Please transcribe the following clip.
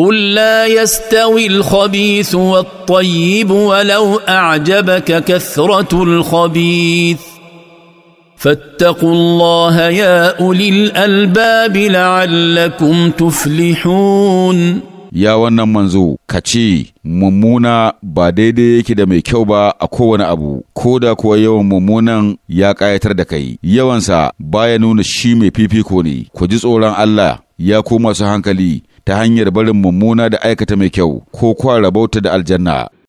قل لا يستوي الخبيث والطيب ولو اعجبك كثره الخبيث فاتقوا الله يا اولي الالباب لعلكم تفلحون ya wannan manzo ka ce mummuna ba daidai yake da mai kyau ba a kowane abu ko da kuwa yawan mummunan ya ƙayatar da kai yawansa baya nuna shi mai fifiko ne ku ji tsoron Allah ya ku masu hankali ta hanyar barin mummuna da aikata mai kyau ko kwa rabauta da aljanna